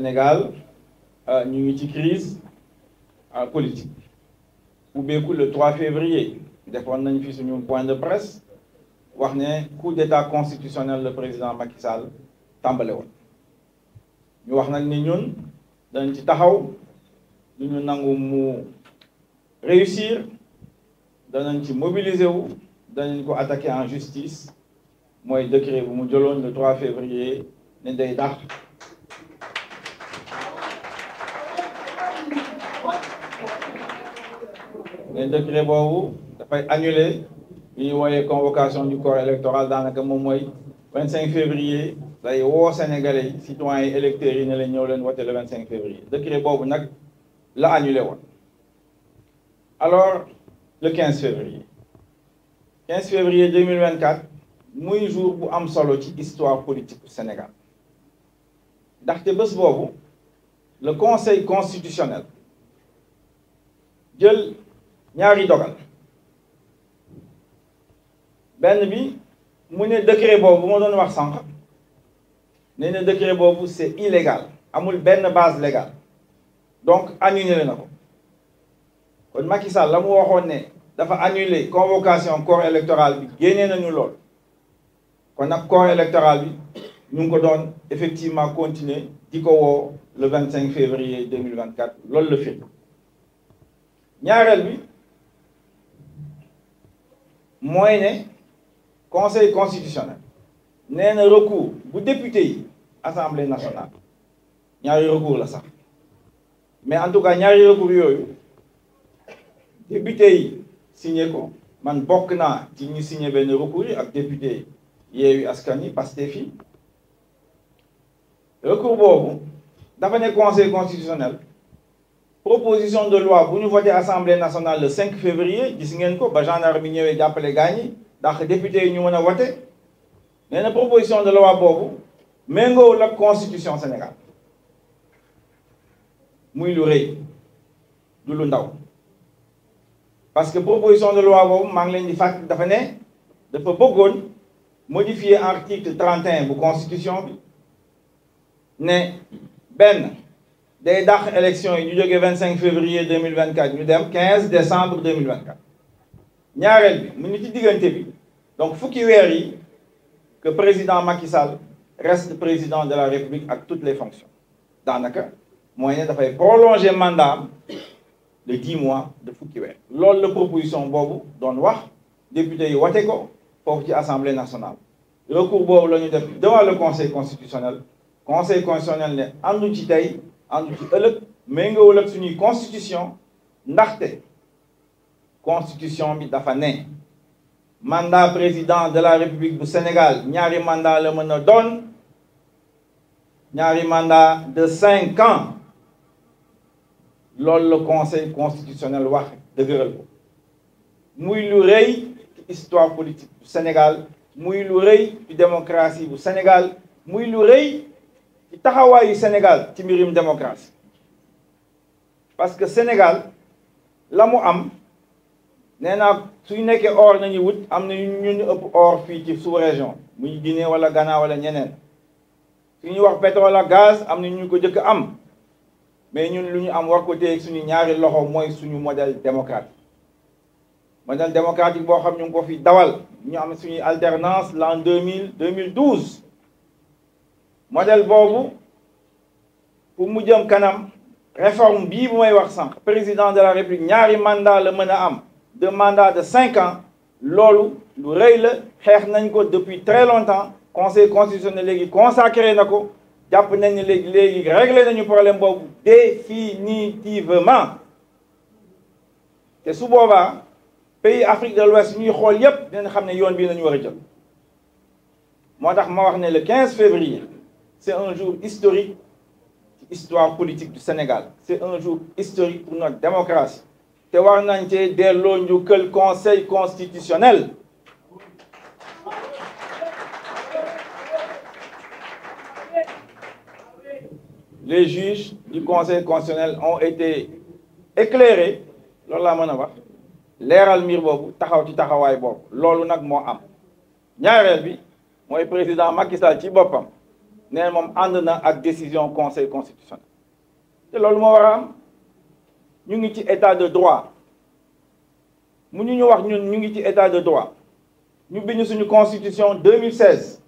Sénégal euh, ñu ngi ci crise euh, politique ubbeeku le 3 février nous avons fi suñu point de presse wax un coup d'état constitutionnel le président Macky Sall tambalé. woon ñu wax nag ni ñun dañ ci taxaw réussir danañ ci mobiliser wu danañ ko attaquer en justice mooy décret bu mu le 3 février ne day Le décret de annulé. Il y a une convocation du corps électoral dans le mois 25 février. Il y a Sénégalais, citoyens électeurs, qui ont voté le 25 février. Le décret l'a annulé. Alors, le 15 février. 15 février 2024, c'est le jour où nous une histoire politique du Sénégal. le Conseil constitutionnel, ñaari dogal benn bi mu ne décret boobu ma doon wax sànq ne ne décret boobu c'est illégal amul benn base légale donc annulé na ko kon Macky Sall la mu waxoon ne dafa annulé convocation corps électoral bi génnee nañu lool kon nag corps électoral bi ñu ngi ko doon effectivement continuer di ko woo le 25 février 2024 loolu la fi ñaareel bi. mooy ne conseil constitutionnel nee na recours bu député yi assemblée nationale ñaari recours la sa mais en tout cas ñaari recours yooyu député yi signé ko man bokk naa ci ñu signé benn recours yi ak député Yewwi Askan Wi Pastef yi recours boobu dafa ne conseil constitutionnel proposition de loi bu ñu voté assemblée nationale le 5 février gis ngeen ko ba gendarme ñëwé ñëwee gañi député ñu mëna a voté proposition de loi bobu méngoowul la constitution Sénégal muy lu du lu ndaw parce que proposition de loi pour vous, ngi leen di dafa né dafa bëggoon modifier article 31 bu constitution bi ne benn des dàq élection 25 février 2024 ñu 15 décembre 2024 Nous bi mu ci donc fukki que président Macky Sall reste président de la République avec toutes les fonctions Dans cas, Moyen d'avoir prolongé prolonger mandat de 10 mois de fukki Lors de la proposition boobu dans wax député yi pour ko ci assemblée nationale recours cours, la ñu def devant le conseil constitutionnel conseil constitutionnel train en ci faire en tout ëllëg méngoowul ak suñuy constitution ndaxte constitution bi dafa ne mandat président de la république du Sénégal ñaari mandat la mën a doon ñaari mandat de 5 ans loolu le conseil constitutionnel wax dëgëral ko muy lu histoire politique du Sénégal muy lu rëy démocratie du Sénégal muy lu rëy ci taxawaayu Sénégal ci mbirum démocratie parce que Sénégal la mu am nee naa suñu nekkee or nañu wut am na ñu ëpp or fii ci sous-région muy Guinée wala Ghana wala ñeneen suñuy wax pétrole ak gaz am na ñu ko jëkk am mais ñun lu ñu am war ko téye suñu ñaari loxo mooy suñu modèle démocratique modèle démocratique boo xam ñu ngi ko fi dawal ñu am suñuy alternance l'an 2000 2012 modèle bobu pour mu jëm kanam réforme bi bu may wax sànq président de la république ñaari mandat le mën am deux mandats de cinq ans lolu lu rëy la xex nañ ko depuis très longtemps conseil constitutionnel légui consacré n'ako, japp nañ ni légui légui régler nañu problème bobu définitivement té su boba pays Afrique de l'Ouest ñuy xool yépp dinañ xamné yoon bii nañu jël motax ma wax né le 15 février c'est un jour historique, histoire politique du Sénégal. C'est un jour historique pour notre démocratie. C'est war nañ historique pour le conseil constitutionnel les juges du conseil constitutionnel ont été éclairés Je laa mën a wax leeral mbir boobu taxaw ci taxawaay boobu loolu nag que am ñaareel bi est président Macky Sall ci nee mom and na ak décision conseil constitutionnel té loolu mo wara am ñu ngi ci état de droit mu ñu ñu wax ñun ñu ngi ci état de droit ñu bind suñu constitution 2016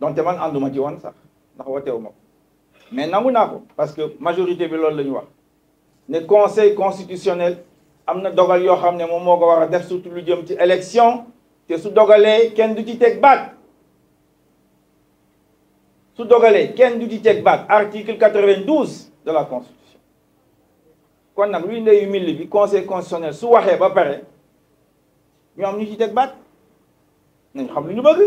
té man anduma ci woon sax ndax woteewu mais nangu nako parce que majorité bi loolu la wax né conseil constitutionnel am dogal yo xamné mom moko wara def surtout lu jëm ci élection te su dogalé kenn du ci teg baat tout dogalee ken du dit teg bat article 92 de la constitution Quand on a ndeyu mil bi conseil constitutionnel su y ba paré ñoom ñu ci tek bat On xam lu ñu bëgg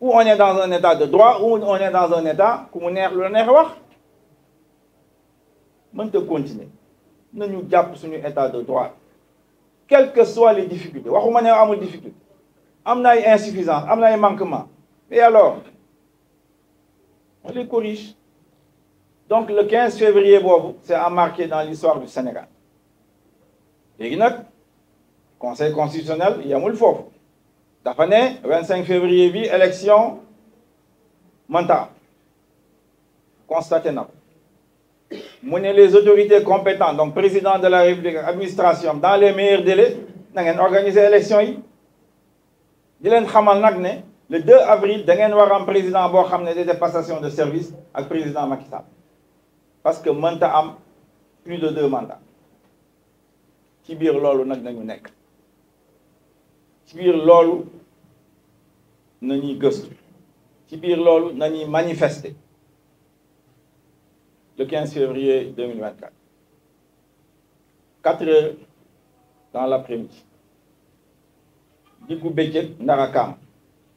ou on est dans un état de droit ou on est dans un état ku mu neex lu la neex wax mënta continuer nañu japp suñu état de droit quelles que soient les difficultés waxuma né amul difficulté am na ay insuffisance am na ay manquement mais alors les corrige. donc le 15 février c'est à marquer dans l'histoire du Sénégal Et le conseil constitutionnel il yemul foofu dafa le 25 février vie, élection mentale, constaté na les autorités compétentes donc président de la République administration dans les meilleurs délais na organiser élection di le 2 avril da war un président qui a ne des de service le président Macky parce que mënta am plus de deux mandats ci biir loolu négocié, nañu ci le 15 février 2024 4 heures dans l'après-midi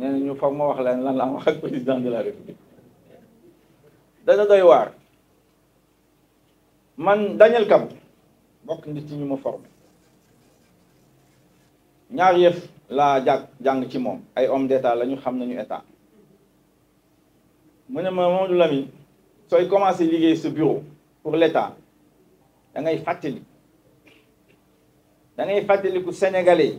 nee ñu foog ma wax leen lan laa wax ak président de la république dana doy waar man Daniel Kabou bokk nit ci ñu ma formé ñaar yëf laa jàng jàng ci moom ay homme d'état la ñu xam nañu état mu ne ma Mamadou Lamine sooy commencé liggéey sa bureau pour l'état dangay ngay fàttali da ngay fàttaliku sénégalais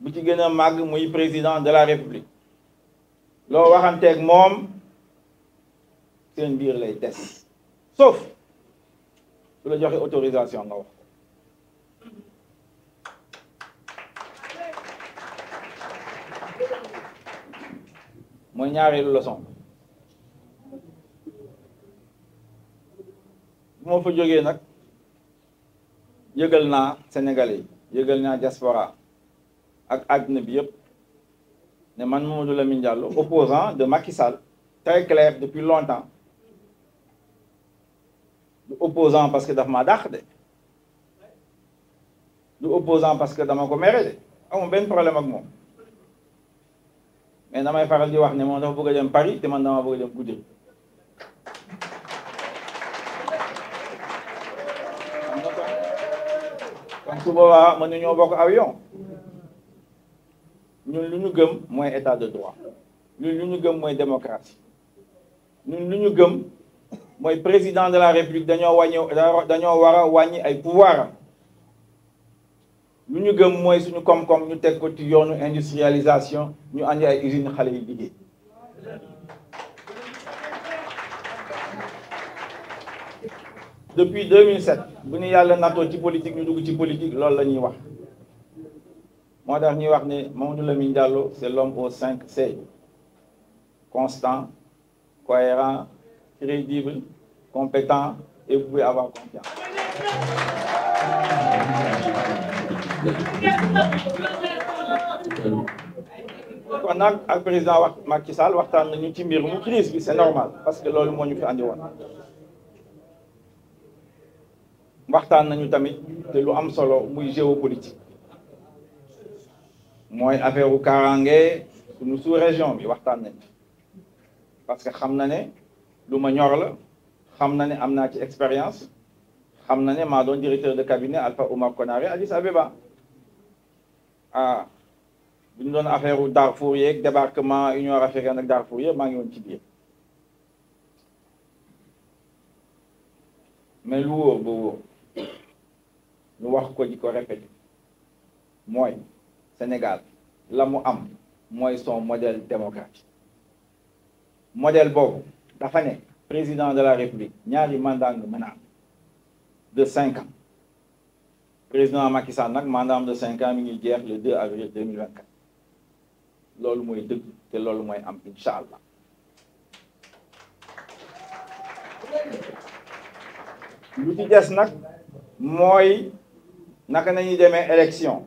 bu ci gën a màgg muy président de la république loo waxanteeg moom seen biir lay des sauf su la joxe autorisation nga wax mooy ñaareelu leçon bu ma fa jógee nag yëgal naa Sénégalais yi yëgal naa diaspora ak àddina bi ne opposant de Macky Sall très clair depuis longtemps opposant parce que daf ma opposant parce que dama ko de un problème ak mom mais damay faral di wax ne de dafa Paris te man dama bokk avion nous, sommes moins état de droit. Nous, sommes moins démocratie. Nous, sommes un moins président de la République, nous wara est pouvoir. Nous, sommes moins nous, comme, comme, nous, continuons à nous, nous, avons une a usine, khalé, bigé. Depuis 2007, nous avons politique, nous avons politique, nous avons politique. Mon dernier ñuy wax ne Mamadou Lamine c'est l'homme aux cinq C constant cohérent crédible compétent et vous pouvez avoir confiance on le le président Macky Sall waxtaan nañu ci mbir mu crise bi c'est normal parce que loolu moo ñu fi andi woon nous nañu tamit te lu am solo muy géopolitique moy affaireu karangé kaaraange nous sous région bi waxtaan nañ parce que xamna né luma lu ma ñor la xam ci expérience xamna né m'a maa doon directeur de cabinet Alpha Omar Konaré Addis Abeba ah buñ ñu doon affaire Darfour yeeg débarquement Union africaine ak Darfour yeeg ma ngi won ci biir mais lu wóor ba wóor ñu wax ko di ko répété moy Sénégal la mu am moy son modèle démocratique modèle bon. dafa président de la république ñaari mandat de 5 ans président Macky Sall de mandat de 5 ans mi ngi le 2 avril 2024 Lolu moy deug té lolu moy am Inshallah. lu ci des nak élection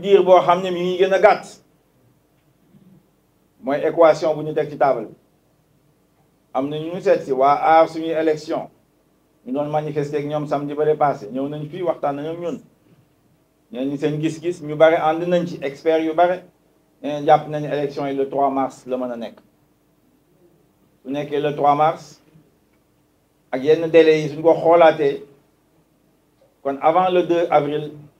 dire diir boo xam mi ngi gëna gatt moy équation bu ñu tek ci table bi am na ñu sét ci wa aar suñu élection ñu don manifester ak ñom samedi ba passé ñew nañ fi waxtaan nañ ak ñun ñeen ñi seen gis-gis ñu bari and nañ ci expert yu bari ñeneen jàpp nañu élection et le 3 mars le mën n'est bu su le 3 mars ak yenn délai yi suñ ko kon avant le 2 avril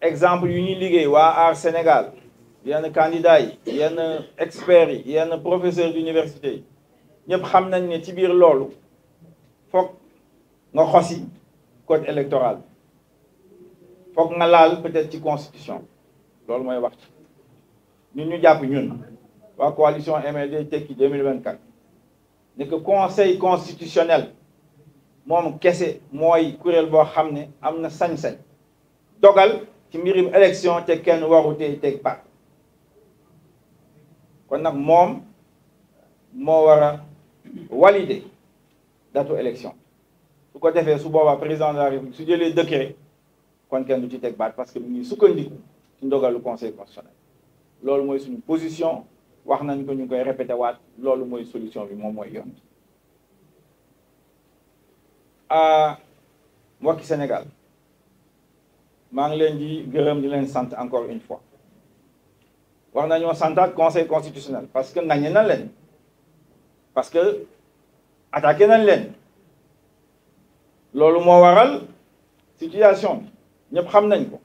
exemple yu ñuy Sénégal, il y Sénégal yenn candidat, yi yenn experts yi yenn professeurs d'université yi ñëpp xam nañ ne ci biir loolu foog nga xosi code électoral foog nga laal peut-être ci constitution loolu mooy wax ci ñun ñu jàpp ñun waa coalition MLD Tekki 2024 le que conseil constitutionnel moom kese mooy kuréel boo xam ne am na sañ-sañ dogal ci mbirim élection te ken warutee te pat kon nag mom mo wara valider datu élection su ko defee su boobaa président de la république su jëlee décret kon ken du ci teg baat parce que mu ngi sukkandiku ci le conseil constitutionnel loolu moy suñu position wax nañ ko ñu koy répéter waat loolu moy solution bi moom mooy yoon bi ah, mbokki Sénégal maa ngi leen di gërëm di leen sant encore une fois war nañoo santaat conseil constitutionnel parce que nañe na leen parce que attaqué nañ leen loolu moo waral situation bi ñëpp xam nañ ko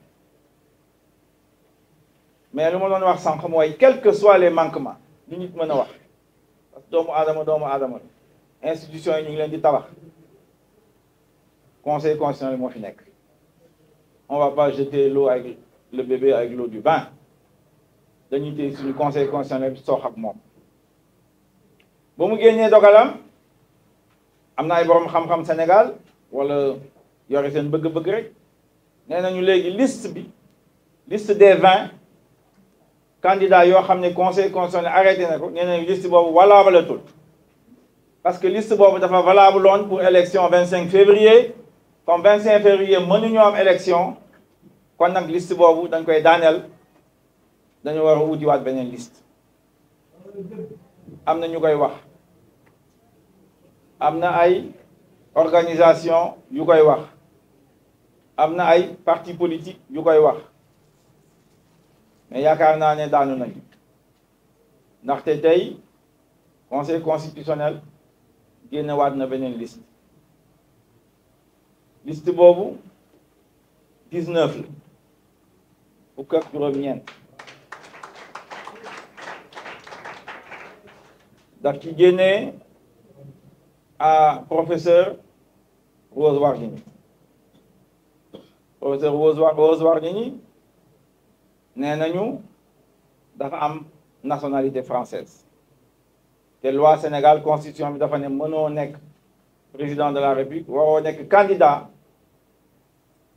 mais lu ma doon wax sànq mooy quels que soit les manquements lu nit mën a wax parce doomu aadama doomu aadama institution yi ñu ngi leen di tabax conseil constitutionnel moo fi nekk on va pas jeter l'eau avec le bébé avec l'eau du bain dañu téye suñu conseil constitutionnel sox ak mom. ba mu génnee dogalam amna ay borom xam-xam Sénégal wala yore sen bëgg-bëgg rek nee nañu léegi liste bi liste des 20 candidats yo xamné conseil constitutionnel arrêté nako ko nañu liste bobu valable tout parce que liste bobu dafa valable woon pour élection 25 février comme 25 février mënuñoo am élection kon nag liste boobu dañ koy daaneel dañu war a wutiwaat beneen liste Amna ñu koy wax amna ay organisation yu koy wax amna ay parti politique yu koy wax mais yaakaar naa ne daanu nañu té tey conseil constitutionnel génnewaat na beneen liste liste bobu 19 ou fukk vous juróom à professeur Rose Wardini professeur Rose Rose est nee dafa am nationalité française La loi Sénégal constitution dafa né président de la République on nek candidat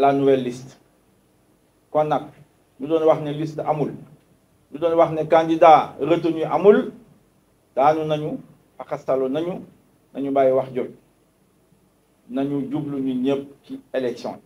la nouvelle liste une nag Nous doon wax liste amul Nous nous wax un candidat retenu amul daanu nous avons nañu nañu nous wax Nous élection